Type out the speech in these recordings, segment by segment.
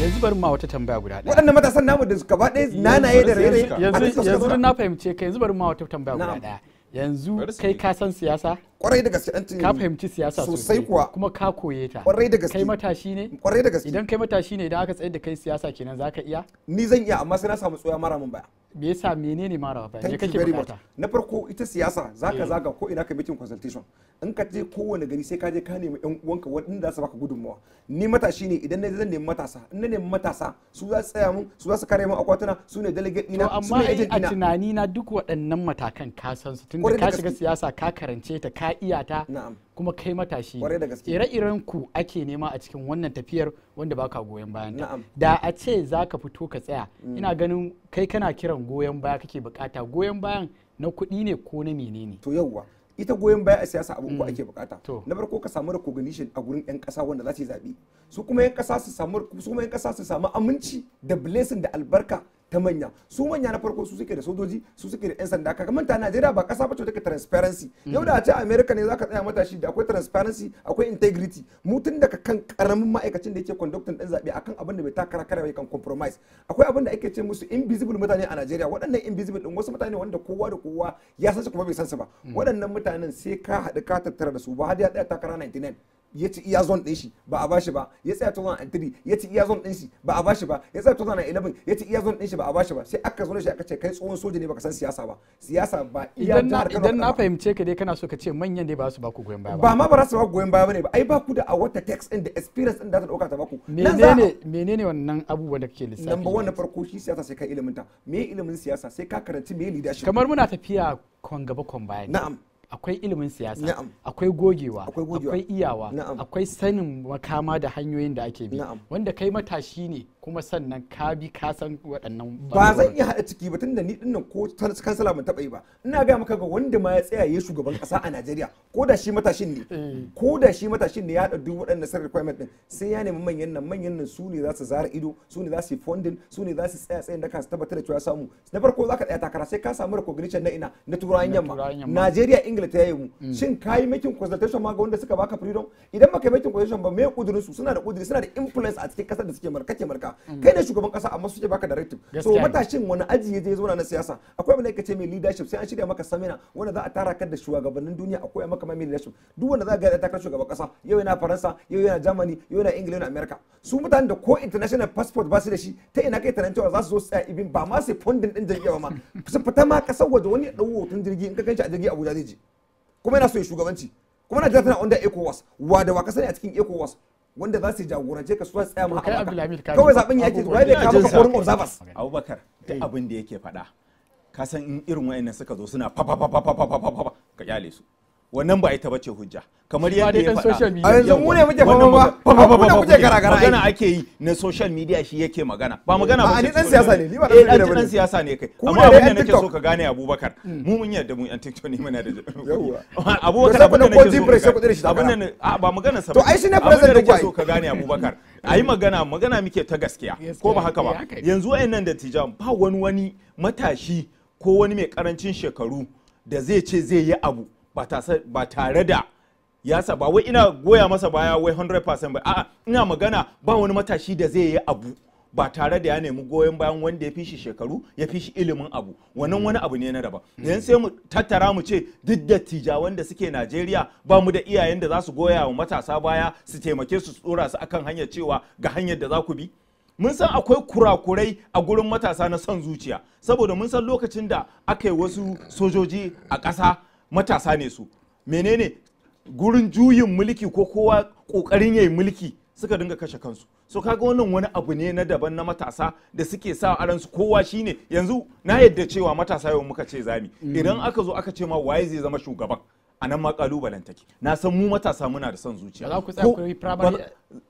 yanzu bari ma wata tambaya guda ɗaya waɗannan matasan namu da suka ba ɗaya nanaye da rairayi yanzu na fahimce ka yanzu bari ma wata tambaya guda ɗaya yanzu kai ka san siyasa kwarai da gaske dan ka fahimci siyasa sosai kuwa kuma ka koye ta kwarai da gaske kai matashi ne kwarai da gaske idan kai matashi ne idan aka tsayar da kai siyasa kenan zaka iya ni zan iya amma sai na samu tsoya mara mun baya me yasa menene mara baya ne kake bukata na farko ita siyasa zaka eh. zaga ko ina ka meeting consultation in ka je kowane gari sai ka je ka nemi ɗan uwanka wanda za su baka gudunmawa ni matashi ne idan na zan nemi matasa in na nemi matasa su za su tsaya mun su za su kare mun akwatuna su ne delegate dina su ne agent dina amma a tunani na duk waɗannan matakan ka san su tunda ka shiga siyasa ka karance ta ka ta iya ta kuma kai matashi ire-iren ku ake nema a cikin wannan tafiyar wanda baka goyon bayan ta da a ce za ka fito ka tsaya mm. ina ganin kai kana kiran goyon baya kake bukata goyon bayan na kuɗi ne ko na menene to yawwa ita goyon baya a siyasa abin ko mm. ake bukata na farko ka samu recognition a gurin yan kasa wanda za su yi zaɓe su kuma yan kasa su samu su kuma yan kasa su samu aminci da blessing da albarka ta manya su manya na farko su suke da sojoji su suke da yan sanda kaga manta Najeriya ba kasa bace take transparency mm. yau da a ce America ne zaka tsaya shi da akwai transparency akwai integrity mu tun daga kan karamin ma'aikacin da yake conducting din zabe akan abin da bai takara kare bai kan compromise akwai abin da ake ce musu invisible mutane a Najeriya waɗannan invisible din wasu mutane wanda kowa da kowa ya san su kuma bai san su ba mm. waɗannan mutanen sai ka haɗu ka tattara da su ba har ya tsaya takara 99 ya ci iya zone din shi ba a bashi ba ya tsaya 2003 ya ci iya zone din shi ba a bashi ba ya tsaya 2011 ya ci iya zone din shi ba a bashi ba sai aka zo shi aka ce kai tsohon soja ne baka san siyasa ba siyasa ba iya jihar Kano idan na fahimce ka dai kana so ka ce manyan dai ba su ba ku goyon baya ba ba ma ba su ba ku goyon baya bane ba ai ba ku da a wata text din da experience din da ta dauka ta baku menene menene wannan abubuwan da kake lissafi number one na farko shi siyasa sai ka ilimin ta me ilimin siyasa sai ka karanci me leadership kamar muna tafiya kon gaba kon baya na'am akwai ilimin siyasa akwai gogewa akwai iyawa akwai sanin makama da hanyoyin da ake bi wanda kai matashi ne kuma sannan ka bi ka san waɗannan ba zan iya haɗa ciki ba tunda ni dinnan ko kansala mun taɓa yi ba ina ga maka ga wanda ma ya tsaya ya shugaban ƙasa a Najeriya ko da shi matashin ne eh. ko da shi matashin ne ya da duk waɗannan sir requirement din sai ya nemi manyan nan manyan nan su ne za su zara ido su ne za su yi funding su ne za su tsaya tsayin da kansu tabbatar da cewa samu na farko za ka tsaya takara sai ka samu recognition na ina na turawan yamma Najeriya Ingila ta mm. yi mu shin kai making consultation ma ga wanda suka baka freedom idan baka making consultation ba me kudurin su suna da kudiri suna da influence a cikin kasar da suke markake marka Mm. kai ne shugaban kasa amma suke baka directive so matashin wani aji ya je zauna na siyasa akwai abin da ce mai leadership sai an shirya maka samina wanda za a tara kan da shugabannin duniya a koya maka mai leadership duk wanda za ga ta kan shugaban kasa yau yana faransa yau yana germany yau yana ingila yana america su mutanen da ko international passport ba su da shi ta ina kai cewa za su zo su tsaya ba ma sai funding din jirgi ma su fita ma kasar waje wani ya hoton jirgi in ka kanci a jirgi abuja zai je kuma yana so ya shugabanci kuma na tana under ecowas wa da wa ka sani a cikin ecowas wanda za su jagorance ka su tsaya maka kawai zaben yake ba bai kama ka korin observers abubakar duk abin da yake faɗa kasan san in irin wayannan suka zo suna fa fa fa fa fa ka kyale su wannan ba ita bace hujja kamar yadda ya faɗa a yanzu mu ne muke fama ba ba ba kuke garagara magana ake yi na social media shi yake magana ba mm. magana ba ni dan siyasa ne ni ba dan dan eh, siyasa ne kai amma abin da nake so ka gane Abubakar mm. mu mun yarda mu yan TikTok ne muna da yawa Abubakar abin da nake so abin da ba magana sa to ai shi ne president da so ka gane Abubakar ayi magana magana muke ta gaskiya ko ba haka ba yanzu wayannan da tijan ba wani wani matashi ko wani mai karancin shekaru da zai ce zai yi abu ba tare da ya saba wai ina goya masa baya wai 100% ba a'a ina magana ba wani matashi da zai yi abu ba tare da ya nemi goyon bayan wanda ya fi shi shekaru ya fi shi ilimin abu wannan wani abu ne na daban yan sai mu tattara mu ce duk da tijawan da suke Najeriya ba mu da iyayen da za su goya wa matasa baya su taimake su tsora su akan hanyar cewa ga hanyar da za ku bi mun san akwai kurakurai a gurin matasa na son zuciya saboda mun san lokacin da aka yi wasu sojoji a ƙasa matasa ne su menene gurin juyin mulki ko kowa kokarin yayi mulki suka dinga kashe kansu so kaga wannan wani abu ne na daban na matasa da suke sa a ransu kowa shine yanzu na yadda cewa matasa yau muka ce zami mm. idan aka zo aka ce ma waye zai zama shugaban a nan ma kalubalen na san mu matasa muna da son zuciya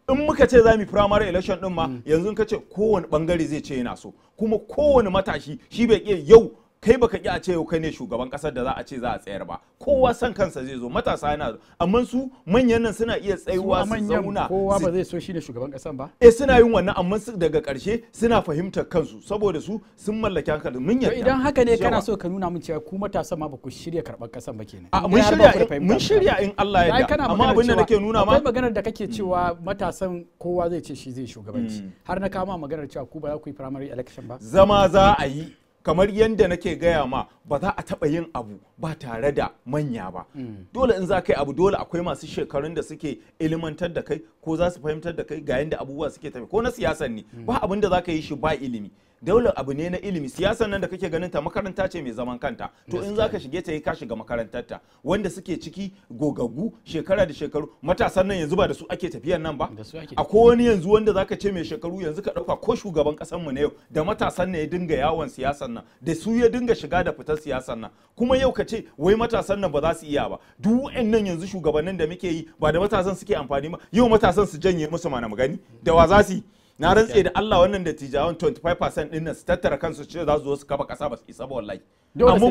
in muka ce za primary election din ma mm. yanzu ka ce kowane bangare zai ce yana so kuma kowane matashi shi bai iya yau kai baka ki a ce kai ne shugaban kasar da za a ce za a tsayar ba kowa san kansa zai zo matasa yana zo amma su manyan nan suna iya tsayuwa su zauna kowa ba zai so shi ne shugaban kasar ba eh suna yin wannan amma su daga karshe suna fahimtar kansu saboda su sun mallaki hankali mun yarda idan haka ne kana so ka nuna mun cewa ku matasa ma ba ku shirya karban kasar ba kenan a mun shirya mun shirya in Allah ya yarda amma abin da nake nuna ma akwai maganar da kake cewa matasan kowa zai ce shi zai shugabanci hmm. har na kama maganar cewa ku ba za ku yi primary election ba zama za a yi kamar yadda nake gaya ma ba za a taɓa yin abu ba tare da manya ba hmm. dole in za ka yi abu dole akwai masu shekarun da suke ilimantar da kai ko za su fahimtar da kai ga yadda abubuwa suke tafi ko na siyasan ne hmm. ba abin da za ka yi shi ba ilimi daular abu ne na ilimi siyasan nan da kake ganin ta makaranta ce mai zaman kanta to in zaka shige ta yi ka shiga makarantar ta wanda suke ciki gogaggu shekara da shekaru matasan nan yanzu ba da su ake tafiyan nan ba a wani yanzu wanda zaka ce mai shekaru yanzu ka dauka ko shugaban kasan mu na yau da matasan ne ya dinga yawon siyasan nan da su ya dinga shiga da fitar siyasan nan kuma yau ka ce wai matasan nan ba za su iya ba duk wa'annan yanzu shugabannin da muke yi ba da matasan suke amfani ba yau matasan su janye musu mana mu gani da wa za su yi na rantse da Allah wannan da tijawan 25% din nan su tattara kansu ce za su zo su kafa kasa ba su isa ba wallahi amma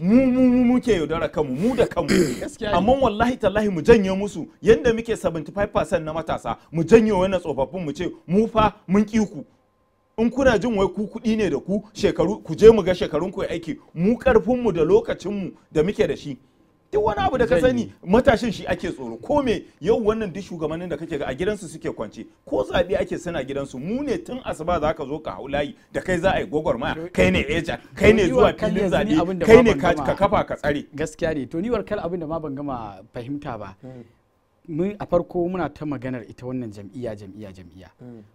mu mu mu ke yaudara kanmu mu da kanmu amma wallahi tallahi mu janyo musu yanda muke 75% na matasa mu janyo wannan tsofaffin mu ce mu fa mun ki ku in kuna jin wai ku kudi ne da ku shekaru ku je mu ga shekarun ku aiki mu karfin mu da lokacin mu da muke da shi duk wani abu da ka sani matashin shi ake tsoro ko me yau wannan duk shugabannin da kake ga a gidansu suke kwance ko zabi ake sana gidansu mu ne tun asuba za ka zo ka hau layi da kai za a yi gwagwarmaya kai ne eja kai ne zuwa filin zabe kai ne ka kafa ka tsare gaskiya ne to niwar warkar abin da ma ban gama fahimta ba mun a farko muna ta maganar ita wannan jam'iyya jam'iyya jam'iyya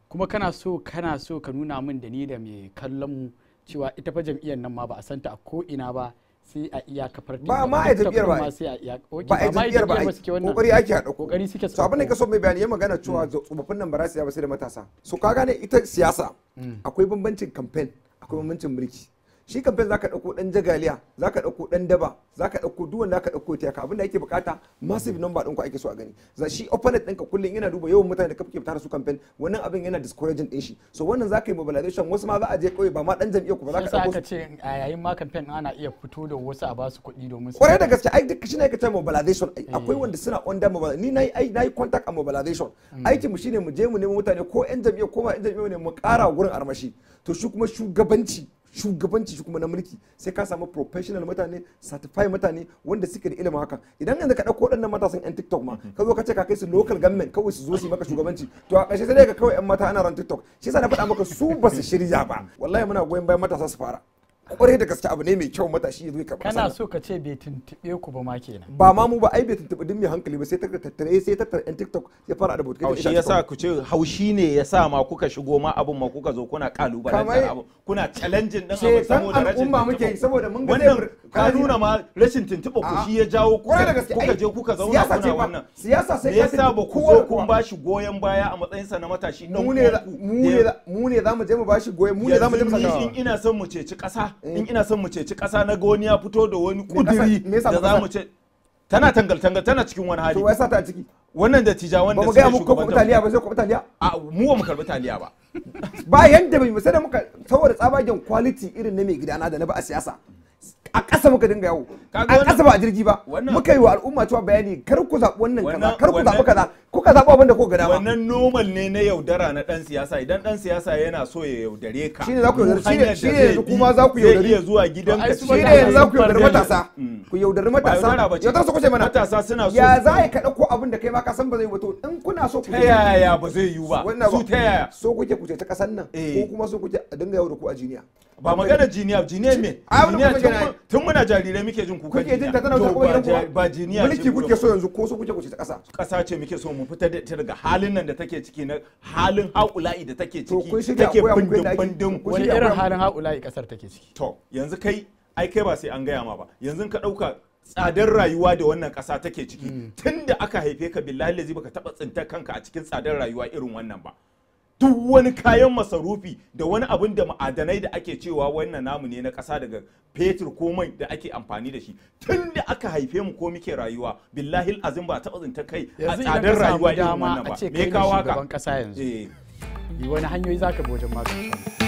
kuma kana so kana so ka nuna min da ni da mai kallon mu cewa ita fa jam'iyyar nan ma ba a santa a ko ina ba sai a iyaka farti ba ma a tafiyar ba ba a tafiyar ba kokari ake haɗa kokari suke so abin da ka so mai bayani ya magana cewa hmm. tsofaffin nan ba za su yi sai da matasa so ka gane ita siyasa hmm. akwai bambancin campaign akwai bambancin mulki shi kamfen zaka dauko dan jagaliya zaka dauko dan daba zaka dauko duk wanda ka dauko tiyaka abinda yake bukata massive number din ku ake so a gani za shi opponent ka kullun yana duba yawan mutane da ka fike fitar su kamfen wannan abin yana discouraging din shi so wannan zaka yi mobilization wasu ma za a je kauye ba ma dan jam'iyyar ku ba zaka dauko ce a yayin ma kamfen ana iya fito da wasu a basu kuɗi domin su kwarai da gaske ai duk shi ne ka ta mobilization akwai eh. wanda suna under mobilization ni nayi nayi contact a mobilization mm. aikin mu shine mu je mu nemi mutane ko yan jam'iyyar ko ba yan jam'iyyar ne mu kara gurin armashi to shi kuma shugabanci shugabanci shi kuma na mulki sai ka samu professional mutane certified mutane wanda suke da ilimin haka idan yanzu ka dauko waɗannan matasan yan TikTok ma ka zo ka ce ka kai su local government kawai su zo su maka shugabanci to a ƙarshe sai dai ka kawai yan mata ana ran TikTok shi yasa na faɗa maka su ba su shirya ba wallahi muna goyon bayan matasa su fara kwarai da gaske abu ne mai kyau matashi ya zo ka kana so ka ce bai tuntube ku ba ma kenan ba ma mu ba ai bai tuntube din mai hankali ba sai ta tattare sai ta tattare tiktok ya fara da botukai haushi yasa ku ce haushi ne yasa ma kuka shigo ma abun ma kuka zo kuna kalubalantar abu kuna challenging din abu saboda rashin al'umma muke saboda mun ga wannan ka nuna ma rashin tuntube ku shi ya jawo kuka je kuka zauna kuna wannan siyasa sai ka yasa ba ku zo kun shi goyen baya a matsayin sa na matashi mu ne mu ne mu ne zamu je mu bashi goyen mu ne zamu je mu sa ina son mu ci kasa in ina son mu ceci kasa na ga wani ya fito da wani kudiri da za mu ce tana tangal tangal tana cikin wani hali to wai sa ta ciki wannan da tija wanda suke ba mu ga mu taliya ba sai ku taliya a mu ba mu karbi taliya ba ba yanda bai mu sai da muka saboda tsabagen quality irin na mai gidana da na ba a siyasa a ƙasa muka dinga yawo a ƙasa ba a jirgi ba muka yi wa al'umma cewa bayani kar ku zaɓi wannan kaza kar ku zaɓi kaza kuka zaɓi abin da ko gada ba wannan normal ne na yaudara na ɗan siyasa idan ɗan siyasa yana so ya yaudare ka shine za ku yaudare shine yanzu kuma za ku yaudare iya zuwa gidan ka shine yanzu za ku yaudare matasa mm. ku yaudare matasa yaudar su kuce mana matasa suna so ya za ya kada ko abin da kai ma ka san ba zai wato in kuna so ku ya ya ba zai yiwu ba su ta yaya so kuke kuce ta kasan nan eh. ko kuma so kuke a dinga yau da ku a jiniya ba magana jiniya jiniya me jiniya tun muna jarirai muke jin kukan kuke jin daga nan kuke ba jiniya mulki kuke so yanzu ko su kuke kuce ta kasa kasa ce muke so mu fitar da ta daga halin nan da take ciki na halin haƙula'i da take ciki take bindin bindin wani irin halin haƙula'i kasar take ciki to yanzu kai ai kai ba sai an gaya ma ba yanzu ka dauka tsadar rayuwa da wannan ƙasa take ciki hmm. tunda aka haife ka billahi lazi baka taba tsintar kanka a cikin tsadar rayuwa irin wannan ba duk wani kayan masarufi da wani abin da ma'adanai da ake cewa wannan namu ne na ƙasa daga fetur ko mai da ake amfani da shi tun da aka haife mu ko muke rayuwa billahi azim ba taɓa zinta kai a tsadar rayuwa irin wannan ba me kawo haka eh. wani hanyoyi zaka bojan ma ka